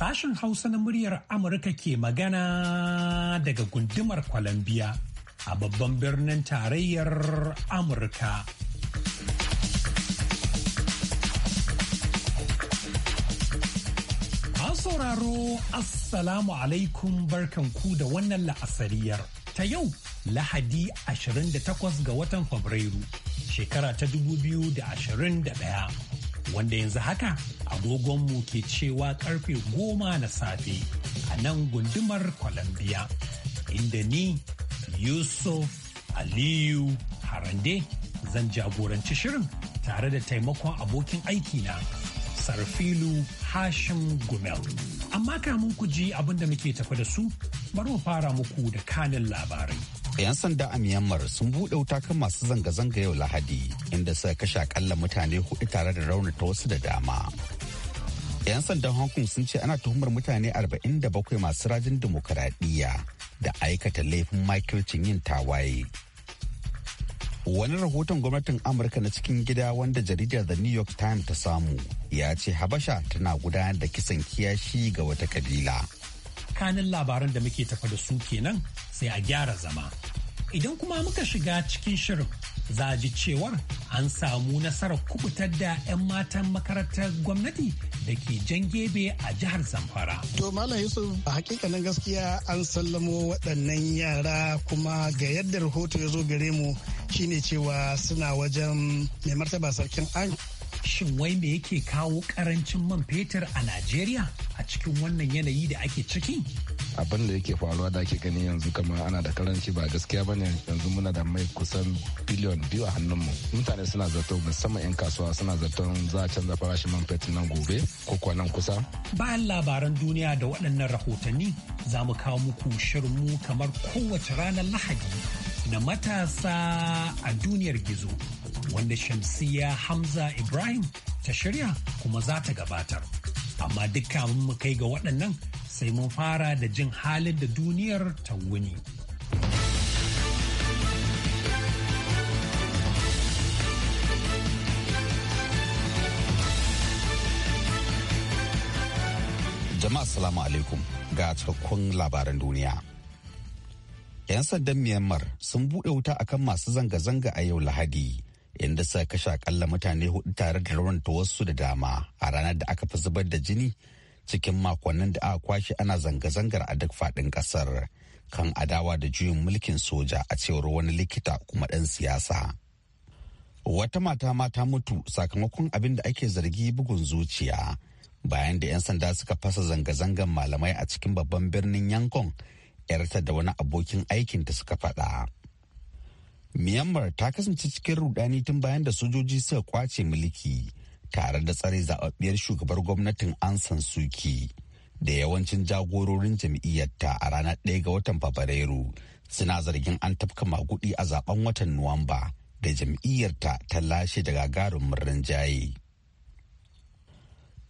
sashen Hausa na muryar Amurka ke magana daga gundumar kwalambiya a babban birnin tarayyar Amurka. An sauraro Assalamu alaikum barkanku da wannan la'asariyar ta yau Lahadi 28 ga watan Fabrairu shekara ta 2021. wanda yanzu haka agogonmu ke cewa karfe goma na safe a nan gundumar Columbia. Inda ni Yusuf Aliyu Harande zan jagoranci shirin tare da taimakon abokin aikina Sarfilu Hashim Gumel. Amma kamun ku ji abinda muke tafi da su bari mu fara muku da kanin labarai. 'Yan sanda a Myanmar sun buɗe wuta kan masu zanga-zanga yau Lahadi inda suka kashe akalla mutane hudu tare da raunata wasu da dama. 'Yan sandan Hong Kong sun ce ana tuhumar mutane 47 masu rajin dimokuraɗiyya da aikata laifin Chin yin tawaye. wani rahoton gwamnatin amurka na cikin gida wanda jaridar the new york times ta samu ya ce habasha tana gudanar da kisan kiyashi ga wata kabila tsakanin labaran da muke tafa da su kenan sai a gyara zama. Idan kuma muka shiga cikin shirin za ji cewar an samu nasarar kubutar da 'yan matan makarantar gwamnati da ke jan gebe a jihar zamfara. to malam yusuf a hakikanin gaskiya an sallamo waɗannan yara kuma ga yadda rahoto ya zo gare mu shine cewa suna wajen mai martaba sarkin an shin wai me yake kawo ƙarancin man fetur a najeriya a cikin wannan yanayi da ake ciki? abin da yake faruwa da ake gani yanzu kamar ana da karanci ba gaskiya bane yanzu muna da mai kusan biliyon biyu a hannunmu mutane suna zato musamman 'yan kasuwa suna zaton za a canza farashin man fetur nan gobe ko kwanan kusa bayan labaran duniya da waɗannan rahotanni za mu kawo muku shirmu kamar kowace ranar lahadi na matasa a duniyar gizo wanda shamsiya hamza ibrahim ta shirya kuma za ta gabatar. amma duk kamun mu kai ga waɗannan sai mun fara da jin halin da duniyar ta wuni. Jama'a salamu alaikum ga cikakkun labaran duniya. 'Yan sandan Myanmar sun buɗe wuta akan masu zanga-zanga a yau Lahadi. inda suka kashe akalla mutane hudu tare da ta wasu da dama a ranar da aka fi zubar da jini cikin makonnin da aka kwashe ana zanga-zangar a duk faɗin ƙasar kan adawa da juyin mulkin soja a cewar wani likita kuma ɗan siyasa. Wata mata ma ta mutu sakamakon abin da ake zargi bugun zuciya bayan da 'yan sanda suka fasa zanga-zangar malamai a cikin babban birnin Yankon 'yarta da wani abokin aikinta suka faɗa. Myanmar ta kasance cikin rudani tun bayan da sojoji suka kwace mulki tare da tsare zaɓaɓɓiyar shugabar gwamnatin an San Suu da yawancin jagororin jam'iyyarta a ranar ɗaya ga watan Fabrairu suna zargin an tafka magudi a zaben watan Nuwamba da jam'iyyarta ta lashe daga garin gagarumin jaye.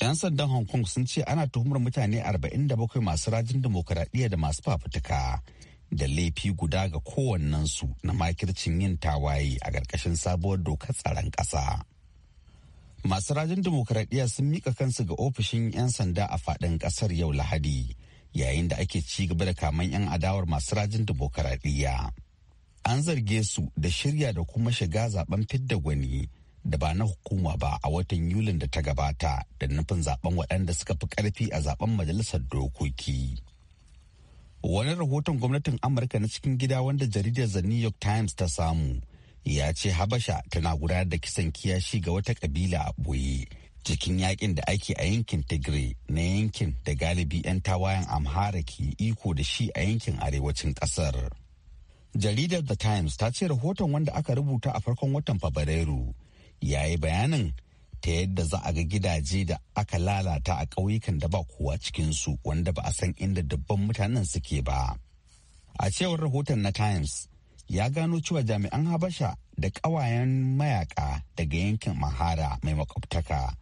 'Yan sandan Hong Kong sun ce ana tuhumar mutane 47 masu rajin dimokuraɗiyya da masu fafutuka. da laifi guda ga kowannensu na makircin yin tawaye a ƙarƙashin sabuwar dokar tsaron ƙasa. Masu rajin dimokuraɗiyya sun mika kansu ga ofishin 'yan sanda a faɗin ƙasar yau Lahadi, yayin da ake ci gaba da kaman 'yan adawar masu rajin dimokuraɗiyya. An zarge su da shirya da kuma shiga zaben fidda gwani da ba na hukuma ba a watan Yulin da ta gabata da nufin zaben waɗanda suka fi ƙarfi a zaben majalisar dokoki. Wani rahoton gwamnatin Amurka na cikin gida wanda jaridar The New York Times ta samu ya ce Habasha tana gudanar da kisan kiyashi ga wata kabila a boye cikin yakin da ake a yankin Tigray na yankin da galibi 'yan tawayen Amhara ke iko da shi a yankin arewacin Kasar. Jaridar The Times ta ce rahoton wanda aka rubuta a farkon watan Fabrairu ya yi bayanin ta yadda za a ga gidaje da aka lalata a ƙauyukan da ba kowa cikinsu wanda ba a san inda dubban mutanen suke ba. A cewar rahoton na Times ya gano cewa jami'an Habasha da ƙawayen mayaka daga yankin Mahara mai makwabtaka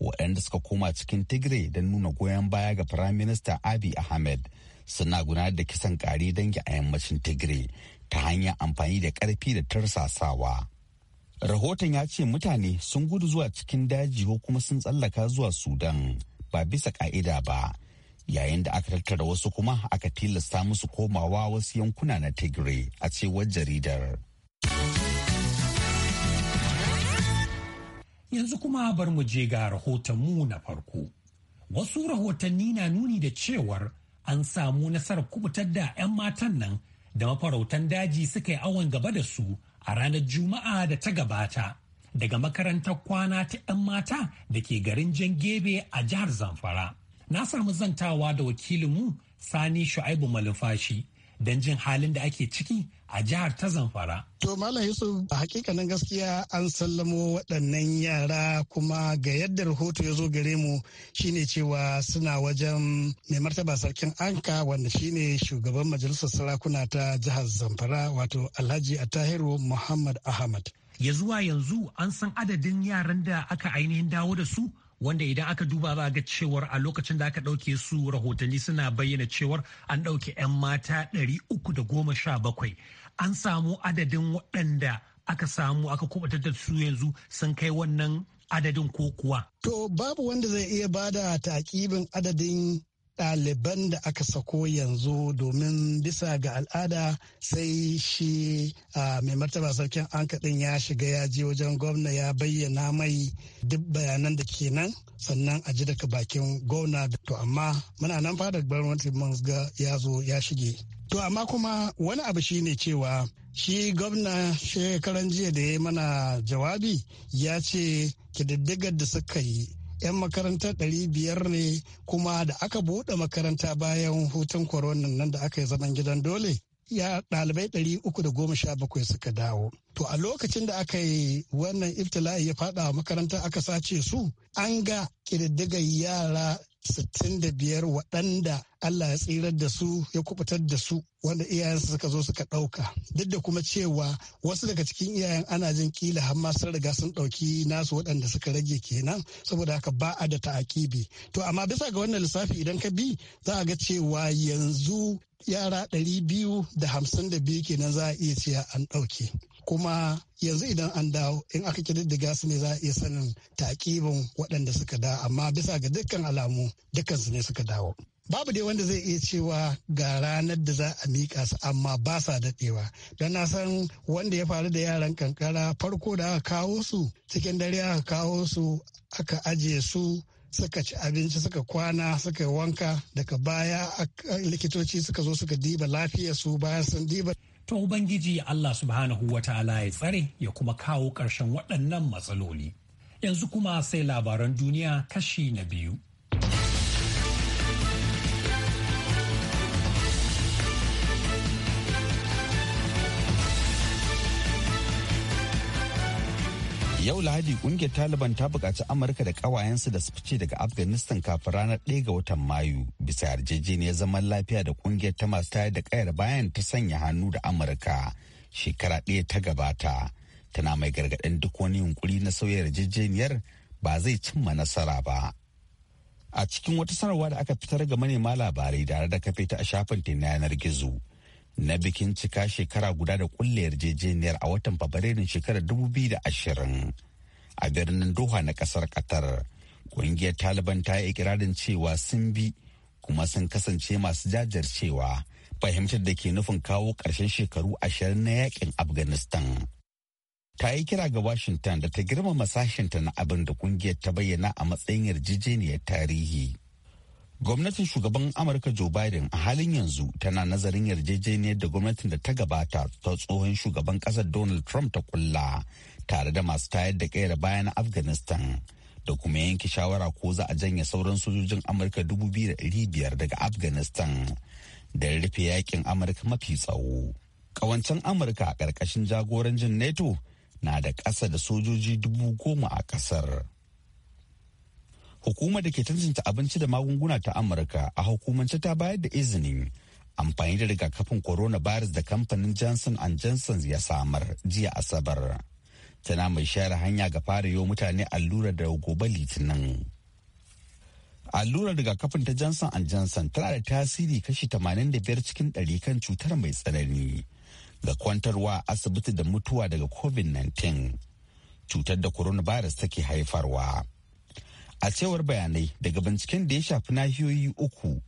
waɗanda suka koma cikin Tigray don nuna goyon baya ga Firaminista Abiy Ahmed suna gudanar da kisan ƙari dangi a yammacin Tigray ta hanyar amfani da ƙarfi da tarsasawa. rahoton ya ce mutane sun gudu zuwa cikin daji ko kuma sun tsallaka zuwa sudan ba bisa ka'ida ba yayin da aka tattara wasu kuma aka tilasta musu komawa wasu yankuna na tigray a cewar jaridar yanzu kuma bar mu je ga rahoton mu na farko wasu rahotanni na nuni da cewar an samu nasarar kubutar da 'yan matan nan da mafarautan daji suka yi awon gaba da su a ranar Juma'a da ta gabata daga makarantar kwana ta 'yan mata da ke garin Jan Gebe a jihar Zamfara. Na samu zantawa da wakilinmu Sani Shu'aibu Malumfashi don jin halin da ake ciki a jihar ta zamfara. To Malam Yusuf a hakikanin gaskiya an sallamo waɗannan yara kuma ga yadda rahoto ya zo gare mu shine cewa suna wajen mai martaba sarkin anka wanda shine shugaban majalisar sarakuna ta jihar Zamfara wato Alhaji Atahiru Muhammad Ahmad. Ya zuwa yanzu an san adadin yaran da aka ainihin dawo da su wanda idan aka duba za ga cewar a lokacin da aka ɗauke su rahotanni suna bayyana cewar an ɗauke 'yan mata 317 an samu adadin waɗanda aka samu aka kubutar da su yanzu sun kai wannan adadin ko kuwa. To babu wanda zai iya bada taƙibin adadin ɗaliban da aka sako yanzu domin bisa ga al'ada sai shi mai martaba sarkin kaɗin ya shiga ya je wajen gwamna ya bayyana mai duk bayanan da ke nan sannan a ji daga bakin gwamna to amma muna nan fadar gwamnati ga ya zo ya shige to amma kuma wani abu shi ne cewa shi gwamna shekaran jiya da ya mana jawabi ya ce kididdigar da suka yi 'yan makaranta biyar ne kuma da aka buɗe makaranta bayan hutun korona nan da aka yi zaman gidan dole ya ɗalibai ɗari uku da goma sha bakwai suka dawo. To a lokacin da aka yi wannan iftila'i ya faɗa makaranta aka sace su an ga ƙididdigar yara sittin da biyar waɗanda Allah ya tsirar da su ya kubutar da su wanda iyayensu suka zo suka ɗauka duk da kuma cewa wasu daga cikin iyayen ana jin kila har ma sun riga sun ɗauki nasu waɗanda suka rage kenan saboda haka ba a da ta'akibi to amma bisa ga wannan lissafi idan ka bi za a ga cewa yanzu yara 252 kenan za a iya cewa an ɗauke kuma yanzu idan an dawo in aka kididdiga su ne za a iya sanin takibin waɗanda suka dawo amma bisa ga dukkan alamu dukkansu ne suka dawo babu dai wanda zai iya cewa ga ranar da za a miƙa su amma ba sa daɗewa don na san wanda ya faru da yaran kankara farko da aka kawo su cikin dare aka kawo su aka ajiye su suka ci abinci suka kwana suka yi wanka daga baya likitoci suka zo suka diba lafiyarsu bayan sun diba to ubangiji Allah subhanahu wa ta'ala ya tsare ya kuma kawo ƙarshen waɗannan matsaloli yanzu kuma sai labaran duniya kashi na biyu Yau Lahadi kungiyar Taliban ta bukaci Amurka da ƙawayensu da su fice daga Afghanistan kafin ranar ɗaya ga watan Mayu bisa yarjejeniyar zaman lafiya da kungiyar ta masu tayar da ƙayar bayan ta sanya hannu da Amurka shekara ɗaya ta gabata. Tana mai gargaɗin duk wani yunkuri na sauya yarjejeniyar ba zai cimma nasara ba. A cikin wata sanarwa da aka fitar ga manema labarai da da kafe ta a shafin na yanar gizo. na bikin cika shekara guda da kulle yarjejeniyar a watan fabrairun shekarar 2020 a birnin doha na kasar qatar ƙungiyar taliban ta yi ikirarin cewa sun bi kuma sun kasance masu jajircewa fahimtar da ke nufin kawo ƙarshen shekaru ashirin na yakin afghanistan ta yi kira ga washington da ta girmama sashinta na abin da ƙungiyar ta bayyana a matsayin yarjejeniyar tarihi Gwamnatin shugaban Amurka Joe Biden a halin yanzu tana nazarin yarjejeniyar da gwamnatin da ta gabata ta tsohon shugaban ƙasar Donald Trump ta kulla tare da masu tayar da kayar na Afghanistan da kuma yanke shawara ko za a janye sauran sojojin Amurka biyar daga Afghanistan da rufe yakin Amurka mafi tsawo. Ƙawancin Amurka a ƙarƙashin jagorancin NATO na da ƙasa da sojoji dubu goma a ƙasar. hukumar da ke tantance abinci da magunguna ta amurka a hukumance ta bayar da izinin amfani da rigakafin coronavirus da kamfanin johnson and johnson ya samar jiya asabar tana mai share hanya ga fara yi mutane allurar da gobe litinin allurar rigakafin ta johnson and johnson tana da tasiri kashi 85 cikin 100 kan cutar mai tsanani ga kwantarwa asibiti da mutuwa daga covid-19 cutar da coronavirus take haifarwa. a cewar bayanai daga binciken da ya shafi nahiyoyi uku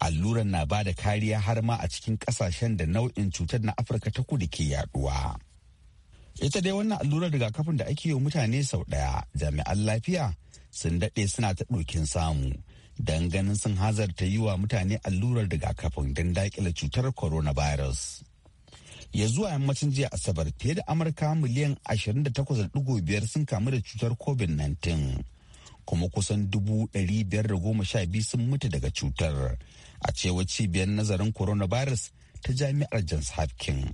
alluran na ba da kariya har ma a cikin kasashen da nau'in cutar na afirka ta kudu ke yaduwa ita dai wannan allurar rigakafin da ake yi mutane sau daya jami'an lafiya sun daɗe suna ta ɗokin samu don ganin sun hazarta yi wa mutane allurar rigakafin don daƙile cutar coronavirus ya zuwa yammacin jiya asabar fiye da amurka miliyan 28.5 sun kamu da cutar covid-19 kuma kusan dubu biyar da goma sha biyu sun mutu daga cutar a cewa cibiyar nazarin coronavirus ta jami'ar johns hopkins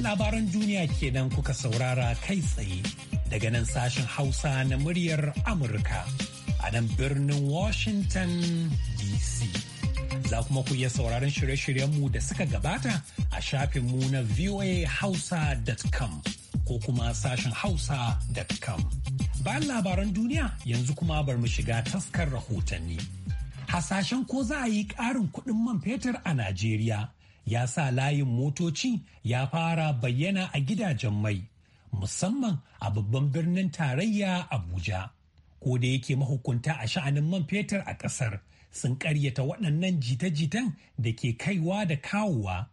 labaran duniya kenan kuka saurara kai tsaye daga nan sashen hausa na muryar amurka a nan birnin washington dc Za kuma ku iya sauraron shirye-shiryenmu da suka gabata a shafinmu na voahausa.com ko kuma sashen hausa.com. Bayan labaran duniya yanzu kuma bar mu shiga taskar rahotanni. Hasashen ko za a yi ƙarin kuɗin man fetur a Najeriya ya sa layin motoci ya fara bayyana a gidajen mai, musamman a babban birnin tarayya Abuja. Ko da yake mahukunta a sha'anin man fetur a ƙasar sun karyata waɗannan jita-jitan da ke kaiwa da kawowa.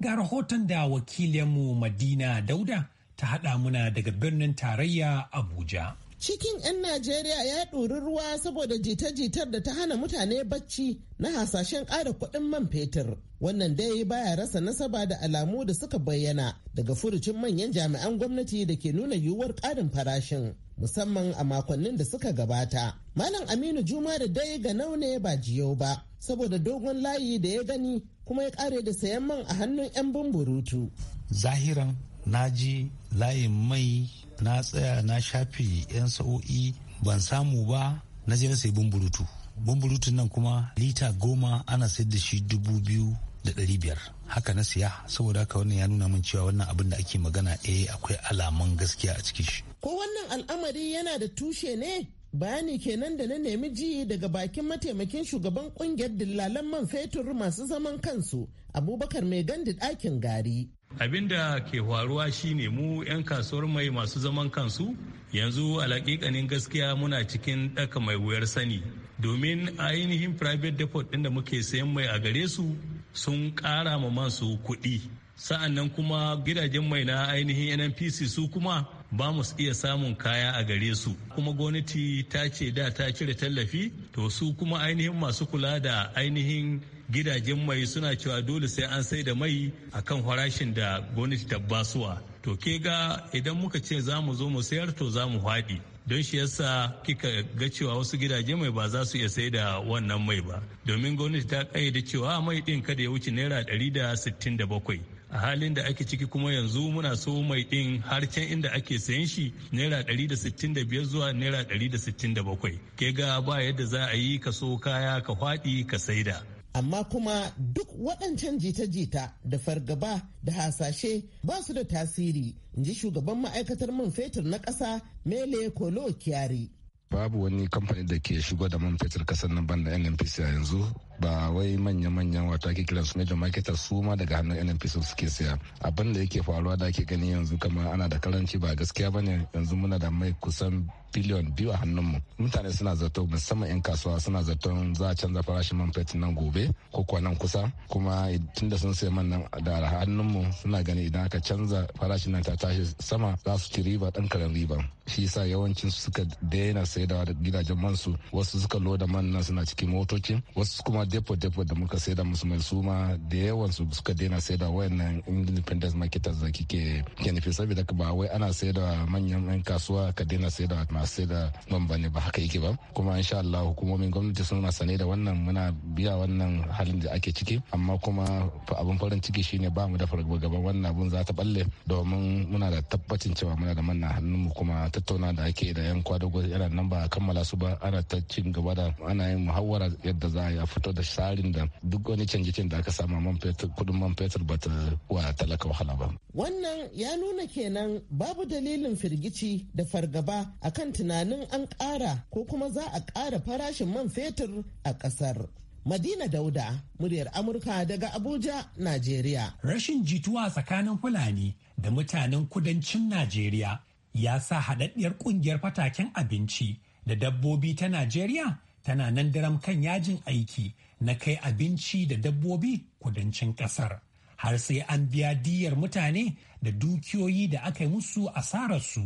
Ga rahoton da wakilinmu Madina Dauda ta haɗa muna daga birnin tarayya Abuja. cikin 'yan Najeriya ya ɗori ruwa saboda jita-jitar da ta hana mutane bacci na hasashen ƙara kuɗin man fetur. Wannan dai baya rasa nasaba da alamu da suka bayyana daga furucin manyan jami'an gwamnati da ke nuna yiwuwar ƙarin farashin. musamman a makonnin da suka gabata. Malam Aminu Juma da dai ga naune ba jiyo ba, saboda dogon layi da ya gani kuma ya ƙare da sayan man a hannun 'yan bumburutu. Zahiran na ji layin mai na tsaya na shafi 'yan sa'o'i ban samu ba na je na sayi bumburutu bumburutun nan kuma lita goma ana sayar da shi dubu biyu da ɗari biyar haka na siya saboda haka wannan ya nuna min cewa wannan abin da ake magana eh akwai alaman gaskiya a cikin shi ko wannan al'amari yana da tushe ne bayani kenan da na nemi ji daga bakin mataimakin shugaban kungiyar dillalan man fetur masu zaman kansu abubakar mai gandi ɗakin gari abin da ke faruwa shine mu 'yan kasuwar mai masu zaman kansu yanzu alaƙiƙanin gaskiya muna cikin ɗaka mai wuyar sani domin ainihin private depot ɗin da muke sayan mai a gare su sun ƙara ma masu kuɗi Sa'annan kuma gidajen mai na ainihin nnpc su kuma ba mu iya samun kaya a gare su kuma gwamnati ta ce da ta cire tallafi to su kuma ainihin masu kula da ainihin gidajen mai suna cewa dole sai an sai da mai kan farashin da gwamnati ta basuwa to ke ga idan muka ce za mu zo mu sayar to za mu haɗi don shi yasa kika ga cewa wasu gidaje mai ba za su iya sai da wannan mai ba domin gwamnati ta kayyade cewa mai ɗin kada ya wuce naira ɗari da sittin da bakwai a halin da ake ciki kuma yanzu muna so mai ɗin har can inda ake sayan shi naira biyar zuwa naira 167 ke ga ba yadda za a yi ka so kaya ka faɗi ka saida amma kuma duk waɗancan jita-jita da fargaba da hasashe ba su da tasiri in ji shugaban ma'aikatar man fetur na ƙasa mele kolo kyari babu wani kamfanin da ke shigo da man fetur kasar nan banda nnpc a yanzu ba wai manya-manyan wata ake kiransu major marketers su ma daga hannun nnpc suke siya abin da yake faruwa da ake gani yanzu kamar ana da karanci ba gaskiya bane yanzu muna da mai kusan biliyon biyu a hannunmu mutane suna zato musamman 'yan kasuwa suna zaton za a canza farashin man fetur nan gobe ko kuwa nan kusa kuma tunda sun sai man nan da hannunmu suna gani idan aka canza farashin nan ta tashi sama za su ci riba dan karen riba shi yasa yawancin suka daina saidawa da gidajen man su wasu suka loda man nan suna cikin motoci wasu kuma depo-depo da muka saida musu mai suma da yawan su suka daina saida wayannan independent marketers da kike ke nufi saboda ba wai ana da manyan yan kasuwa ka daina saida masu saida bambane ba haka yake ba kuma insha Allah hukumomin gwamnati suna sane da wannan muna biya wannan halin da ake ciki amma kuma abin farin ciki shine ba mu da fargaba gaban wannan abun za ta balle domin muna da tabbacin cewa muna da manna hannun mu kuma tattauna da ake da yan kwadago yana nan ba kammala su ba ana ta cin gaba da ana yin muhawara yadda za a fito da sharin da duk wani canje da aka samu man kudin man fetur ba ta wa talaka wahala ba. Wannan ya nuna kenan babu dalilin firgici da fargaba akan tunanin an ƙara ko kuma za a ƙara farashin man fetur a ƙasar. Madina Dauda, muryar Amurka daga Abuja, Najeriya. Rashin jituwa tsakanin Fulani da mutanen kudancin Najeriya ya sa haɗaɗɗiyar ƙungiyar fataken abinci da dabbobi ta Najeriya tana nan daram kan yajin aiki na kai abinci da dabbobi kudancin kasar har sai an biya diyar mutane da dukiyoyi da aka yi musu asararsu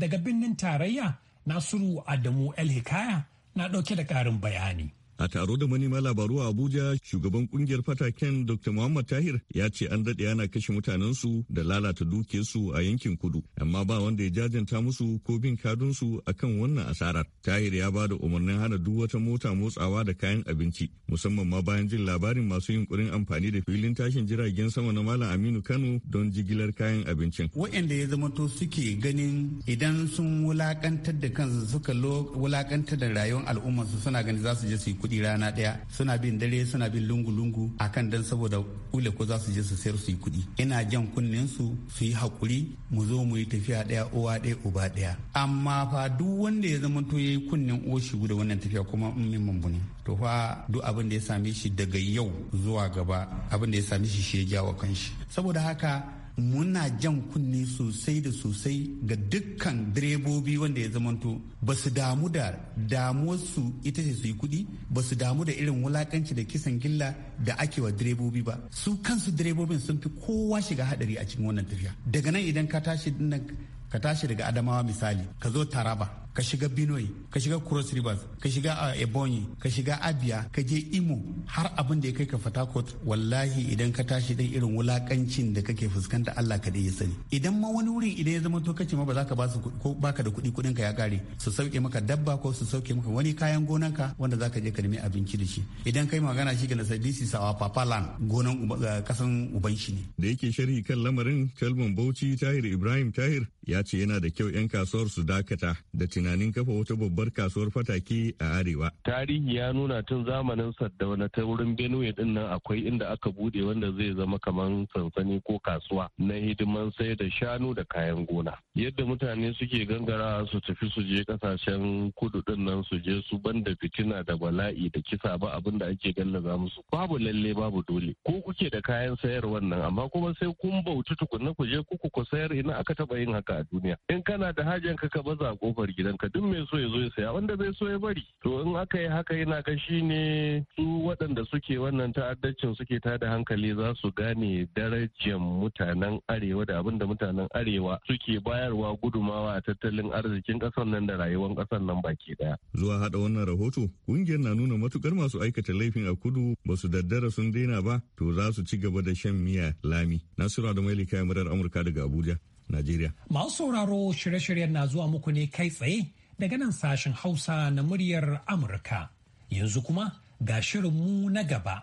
daga birnin tarayya nasiru adamu el hikaya na ɗauke da ƙarin bayani A taro da manema labaru a Abuja, shugaban kungiyar fataken Dr. Muhammad Tahir ya ce an daɗe ana kashe mutanensu da lalata dukiyarsu a yankin kudu, amma ba wanda ya jajanta musu ko bin kadunsu a kan wannan asarar. Tahir ya ba da umarnin hana duk wata mota motsawa da kayan abinci, musamman ma bayan jin labarin masu yunkurin amfani da filin tashin jiragen sama na Malam Aminu Kano don jigilar kayan abincin. Waɗanda ya zamanto suke ganin idan sun wulakantar da kansu suka wulakantar da rayuwar al'ummarsu suna ganin za su je su yi gudu rana ɗaya suna bin dare suna bin lungu-lungu a kan dan saboda kule ko za su je su sayar su yi kuɗi ina jan kunnen su su yi hakuri mu zo mu yi tafiya ɗaya uwa ɗaya uba ɗaya amma fa duk wanda ya zama to yayi kunnen oshi guda wannan tafiya kuma in min ne to fa duk abin da ya same shi daga yau zuwa gaba abin da ya same shi shi ya jawo kanshi saboda haka muna jan kunne sosai da sosai ga dukkan direbobi wanda ya zamanto ba su damu da damuwarsu ita ce su yi kuɗi ba su damu da irin wulakanci da kisan gilla da ake wa direbobi ba su kansu direbobin sun fi kowa shiga hadari a cikin wannan tafiya daga nan idan ka tashi daga adamawa misali ka zo taraba ka shiga Benue ka shiga Cross Rivers ka shiga a ah, Ebonyi ka shiga Abia ka je Imo har abin da ya kai ka Fatakot wallahi idan ka tashi dan irin wulakancin da kake fuskanta Allah ka dai ya sani idan ma wani wurin idan ya zama to kace ma ba za ka ba su ko baka da kuɗi kuɗin ka ya kare su sauke maka dabba ko su sauke maka wani kayan ka wanda za ka je ka nemi abinci da shi idan kai magana shi kana sadisi sawa papalan gonan eh, kasan uban shi ne da yake sharhi kan lamarin kalmon Bauchi Tahir Ibrahim Tahir ya ce yana da kyau 'yan kasuwar su dakata da tunanin kafa wata babbar kasuwar fatake a arewa. Tarihi ya nuna tun zamanin Saddauna ta wurin Benue din nan akwai inda aka bude wanda zai zama kamar sansani ko kasuwa na hidiman sai da shanu da kayan gona. Yadda mutane suke gangara su tafi su je kasashen kudu dinnan nan su je su banda fitina da bala'i da kisa ba abin da ake gallaza musu. Babu lalle babu dole. Ko kuke da kayan sayarwar nan amma kuma sai kun bauti tukunna ku je kuku ku sayar ina aka taba yin haka a duniya. In kana da hajjan ka ka baza kofar gida wajen ka duk mai so ya zo ya saya wanda bai so ya bari to in aka yi haka yana ga shi ne su waɗanda suke wannan ta'addacin suke ta da hankali za su gane darajar mutanen arewa da abinda mutanen arewa suke bayarwa gudumawa a tattalin arzikin ƙasar nan da rayuwar ƙasar nan baki daya. zuwa hada wannan rahoto ƙungiyar na nuna matukar masu aikata laifin a kudu ba su daddara sun daina ba to za su ci gaba da shan miya lami nasiru da mailika murar amurka daga abuja Najeriya. Masu sauraro shirye-shiryen na zuwa muku ne kai tsaye daga nan sashen Hausa na muryar Amurka. Yanzu kuma ga shirinmu na gaba.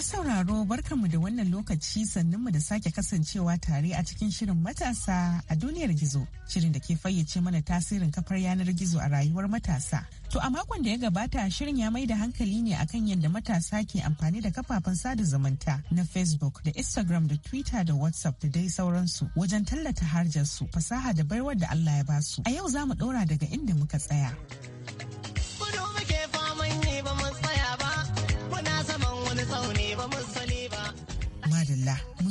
Masu sauraro barkanmu da wannan lokaci sannan mu da sake kasancewa tare a cikin shirin matasa a duniyar gizo. Shirin da ke fayyace mana tasirin kafar yanar gizo a rayuwar matasa. To a makon da ya gabata shirin ya mai da hankali ne akan yadda matasa ke amfani da kafafen sada zumunta na Facebook da Instagram da Twitter da WhatsApp da dai sauransu wajen tallata harjarsu fasaha da baiwar da Allah ya basu. A yau za mu ɗora daga inda muka tsaya.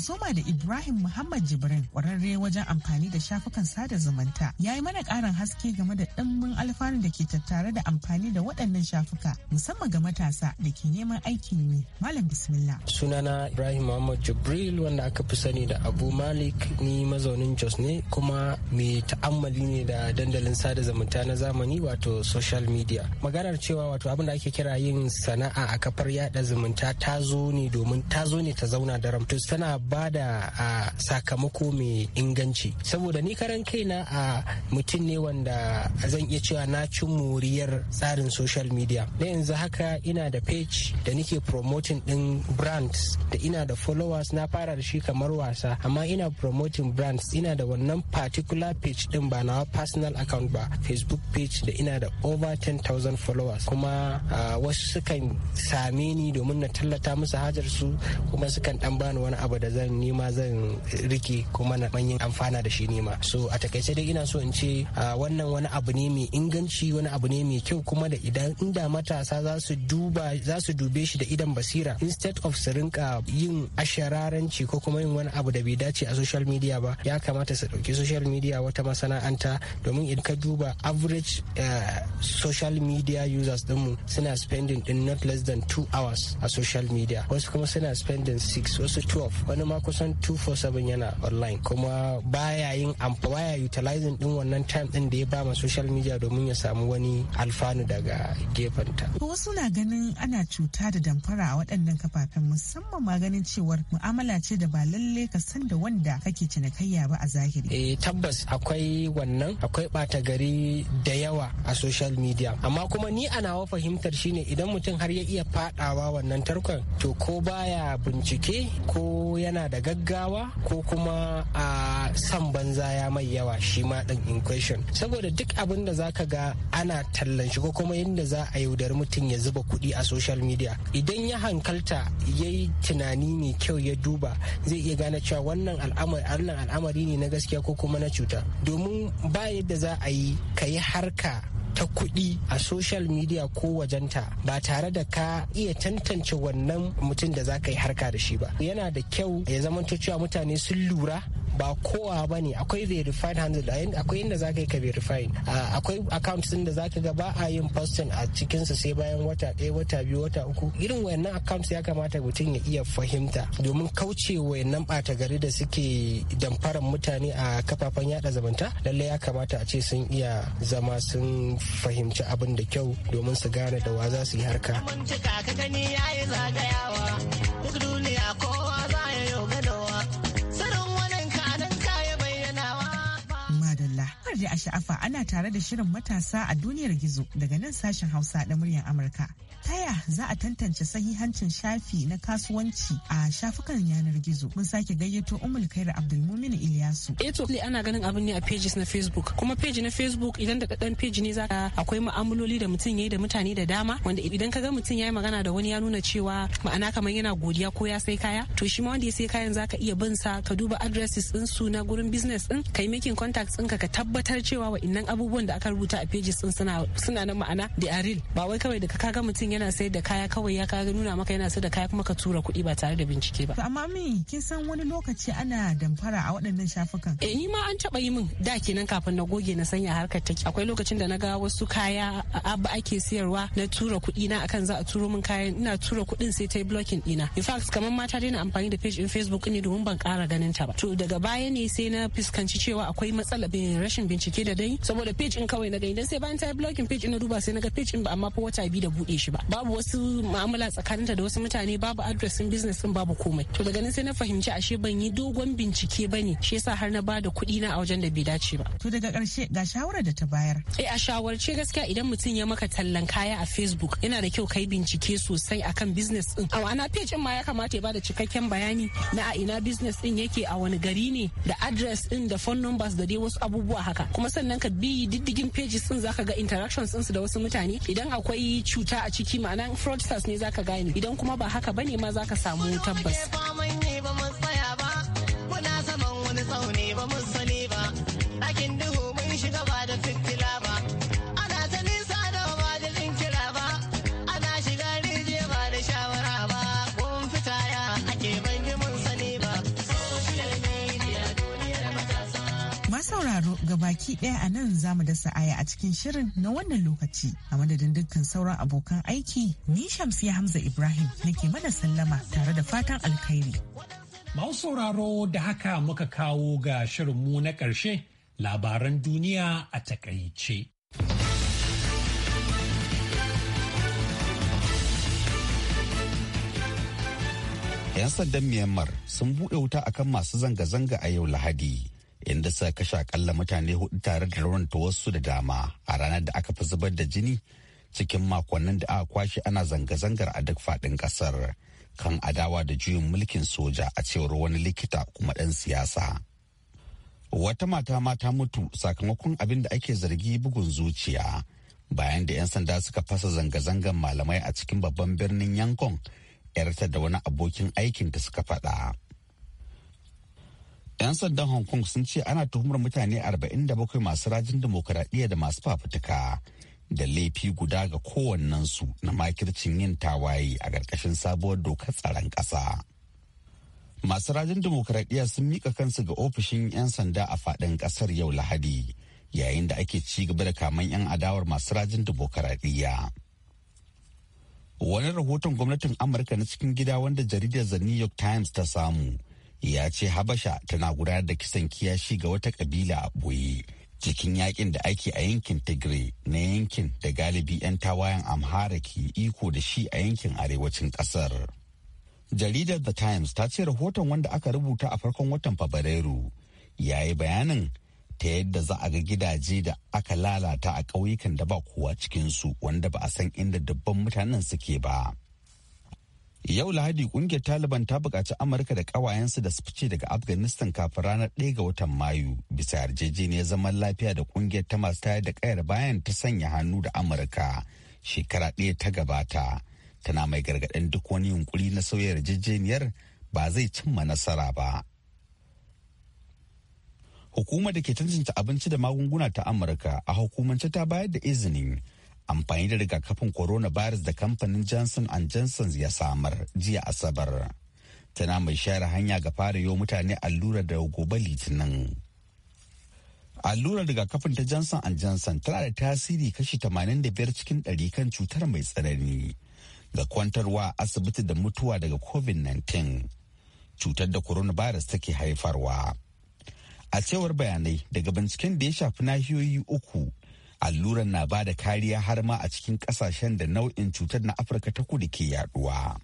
soma da Ibrahim Muhammad Jibrin kwararre wajen amfani da shafukan sada zumunta. Ya yi mana ƙarin haske game da ɗimbin alfanun da ke tattare da amfani da waɗannan shafuka musamman ga matasa da ke neman aikin yi. Malam Bismillah. Sunana Ibrahim Muhammad Jibril wanda aka fi sani da Abu Malik ni mazaunin Jos ne kuma mai ta'ammali ne da dandalin sada zumunta na zamani wato social media. Maganar cewa wato abin da ake kira yin sana'a a kafar yada zumunta ta zo ne domin ta zo ne ta zauna da ramtus tana ba bada a sakamako mai inganci saboda ni karan kaina a mutum ne wanda zan iya cewa na ci moriyar tsarin social media na yanzu haka ina da page da nike promoting din brands da ina da followers na fara da shi kamar wasa amma ina promoting brands ina da wannan particular page din ba na personal account ba facebook page da ina da over 10,000 followers kuma wasu sukan same ni domin na tallata musu hajar su kuma sukan dan bani wani abu da zan zan nima zan rike kuma na manyan amfana da shi nima so a takaice dai ina so in ce wannan wani abu ne mai inganci wani abu ne mai kyau kuma da idan inda matasa za su duba za su dube shi da idan basira instead of su rinka yin ashararanci ko kuma yin wani abu da bai dace a social media ba ya kamata su dauki social media wata masana'anta domin idan ka duba average social media users dinmu suna spending in not less than two hours a social media wasu kuma suna spending six wasu 12 wani ma kusan 247 yana online kuma baya yin baya utilizing din wannan time din da ya ba ma social media domin ya samu wani alfanu daga gefenta. Wasu na ganin ana cuta da damfara a waɗannan kafafen musamman ma ganin cewar mu'amala ce da ba lalle ka san da wanda kake cinikayya ba a zahiri. Eh tabbas akwai wannan akwai ɓata gari da yawa a social media amma kuma ni a nawa fahimtar shine idan mutum har ya iya faɗawa wannan tarkon to ko baya bincike ko yana yana da gaggawa ko kuma a san banza ya mai yawa shi ma ɗin in question saboda duk abin da zaka ga ana tallan shi ko kuma yadda za a yaudari mutum ya zuba kuɗi a social media idan ya hankalta ya yi tunani mai kyau ya duba zai iya gane cewa wannan al'amari ne na gaskiya ko kuma na cuta domin ba yadda za a yi ka yi harka ta kuɗi a social media ko wajenta ba tare da ka iya tantance wannan mutum da za ka yi harka da shi ba yana da kyau ya zamanto cewa mutane sun lura ba kowa ba ne akwai verified handle akwai inda za ka yi ka verified akwai accounts din da za ka ga ba a yin posting a cikinsu sai bayan wata ɗaya wata biyu wata uku irin wayannan accounts ya kamata mutum ya iya fahimta domin kauce wayannan ɓata gari da suke damfaran mutane a kafafen yada zamanta lallai ya kamata a ce sun iya zama sun fahimci abin da kyau domin su gane da wa za su yi harka. je a sha'afa ana tare da shirin matasa a duniyar gizo daga nan sashen Hausa da muryar Amurka. Taya za a tantance sahihancin shafi na kasuwanci a shafukan yanar gizo. Mun sake gayyato Umul Kairu Abdulmumin Ilyasu. Eh to ana ganin abin ne a pages na Facebook. Kuma page na Facebook idan da dan page ne zaka akwai ma'amaloli da mutum yayi da mutane da dama wanda idan ga mutum yayi magana da wani ya nuna cewa ma'ana kamar yana godiya ko ya sai kaya to shi ma wanda ya sai kayan zaka iya bin sa ka duba addresses din su na gurin business din kai making contacts ɗinka ka tabbata tabbatar cewa wa'annan abubuwan da aka rubuta a pages din suna suna nan ma'ana da aril ba wai kawai da ka kaga mutum yana sayar da kaya kawai ya kaga nuna maka yana sayar da kaya kuma ka tura kuɗi ba tare da bincike ba amma me kin san wani lokaci ana damfara a waɗannan shafukan eh ni ma an taba yi min da kenan kafin na goge na sanya harkar take akwai lokacin da na ga wasu kaya abu ake siyarwa na tura kuɗi na akan za a turo min kayan ina tura kuɗin sai ta yi blocking ɗina in fact kamar mata daina amfani da page in facebook ne domin ban kara ganin ta ba to daga baya ne sai na fuskanci cewa akwai matsala eh, rashin bincike da dai saboda page in kawai na gani dan sai bayan ta yi blocking page in na duba sai na ga page in ba amma fa wata biyu da bude shi ba babu wasu mu'amala tsakaninta da wasu mutane babu address din business din babu komai to daga nan sai na fahimci ashe ban yi dogon bincike bane shi yasa har na bada kuɗi na a wajen da bai dace ba to daga ƙarshe ga shawara da ta bayar eh a shawarce gaskiya idan mutum ya maka tallan kaya a Facebook yana da kyau kai bincike sosai akan business din a ana page din ma ya kamata ya bada cikakken bayani na a ina business din yake a wani gari ne da address din da phone numbers da dai wasu abubuwa haka kuma sannan ka bi diddigin pages din zaka ga interactions su da wasu mutane idan akwai cuta a ciki ma'ana fraudsters ne zaka gane idan kuma ba haka bane ma zaka samu tabbas. baki ɗaya a nan za mu dasa aya a cikin shirin na wannan lokaci. A madadin dukkan sauran abokan aiki, ni Shamsiya Hamza Ibrahim nake mana sallama tare da fatan alkhairi. Mau sauraro da haka muka kawo ga shirin mu na ƙarshe labaran duniya a takaice. ‘Yan sandan Myanmar sun buɗe wuta akan masu zanga-zanga a yau Lahadi. inda suka kashe akalla mutane hudu tare da ta wasu da dama a ranar da aka fi zubar da jini cikin makonnin da aka kwashe ana zanga-zangar a duk faɗin ƙasar kan adawa da juyin mulkin soja a cewar wani likita kuma ɗan siyasa. Wata mata ma ta mutu sakamakon abin da ake zargi bugun zuciya bayan da 'yan sanda suka fasa zanga-zangar malamai a cikin babban birnin Yankon 'yarta da wani abokin aikin da suka faɗa. 'Yan sandan Hong Kong sun ce ana tuhumar mutane 47 masu rajin demokuraɗiyya da masu fafutuka da laifi guda ga kowannensu na makircin yin tawaye a ƙarƙashin sabuwar dokar tsaron ƙasa. Masu rajin demokuraɗiyya sun mika kansu ga ofishin 'yan sanda a faɗin ƙasar yau Lahadi yayin da ake ci gaba da kaman 'yan adawar masu rajin demokuraɗiyya. Wani rahoton gwamnatin Amurka na cikin gida wanda jaridar The New York Times ta samu. ya ce habasha tana gudanar da kisan kiyashi ga wata kabila a boye cikin yakin da ake a yankin tigray na yankin da galibi 'yan tawayen amhara ke iko da shi a yankin arewacin kasar jaridar the times ta ce rahoton wanda aka rubuta a farkon watan fabrairu ya yi bayanin ta yadda za a ga gidaje da aka lalata a ƙauyukan da ba kowa cikinsu wanda ba a san inda dubban mutanen suke ba. Yau Lahadi kungiyar Taliban ta buƙaci Amurka da ƙawayensu da su fice daga Afghanistan kafin ranar ɗaya ga watan Mayu bisa yarjejeniyar zaman lafiya da kungiyar ta masu tayar da ƙayar bayan ta sanya hannu da Amurka shekara ɗaya ta gabata. Tana mai gargaɗin duk wani yunkuri na sauya yarjejeniyar ba zai cimma nasara ba. Hukumar da ke tantance abinci da magunguna ta Amurka a hukumance ta bayar da izinin amfani da rigakafin coronavirus da kamfanin johnson and johnson ya samar jiya asabar tana mai share hanya ga fara yau mutane allura da gobe litinin allurar rigakafin ta johnson and johnson tana da tasiri kashi 85 cikin 100 kan cutar mai tsanani ga kwantarwa asibiti da mutuwa daga covid-19 cutar da coronavirus take haifarwa a cewar bayanai daga binciken da ya shafi nahiyoyi uku alluran na ba da kariya har ma a cikin kasashen da nau'in cutar na afirka ta kudu ke yaduwa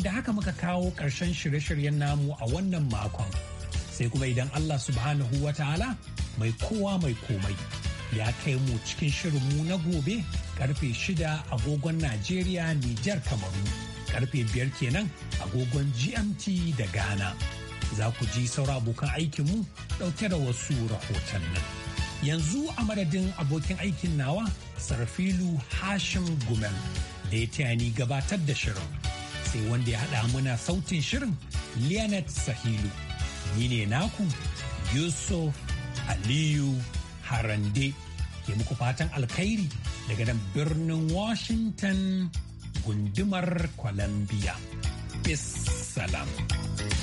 da haka muka kawo ƙarshen shirye-shiryen namu a wannan makon. Sai kuma idan Allah subhanahu wa ta'ala mai kowa mai komai ya kai mu cikin shirin mu na gobe karfe shida agogon Najeriya Nijar Kamaru karfe biyar kenan agogon GMT da Ghana. Za ku ji saura abokan aikinmu ɗauke da wasu rahotannin. Yanzu a madadin abokin aikin nawa Sarfilu Hashim Gumel da ya taya ni gabatar da shirin. sai wanda ya haɗa muna sautin shirin Leonard Sahilu. Ni ne naku Yusuf Aliyu Harande ke muku fatan alkhairi daga nan birnin Washington gundumar Columbia. Peace salam.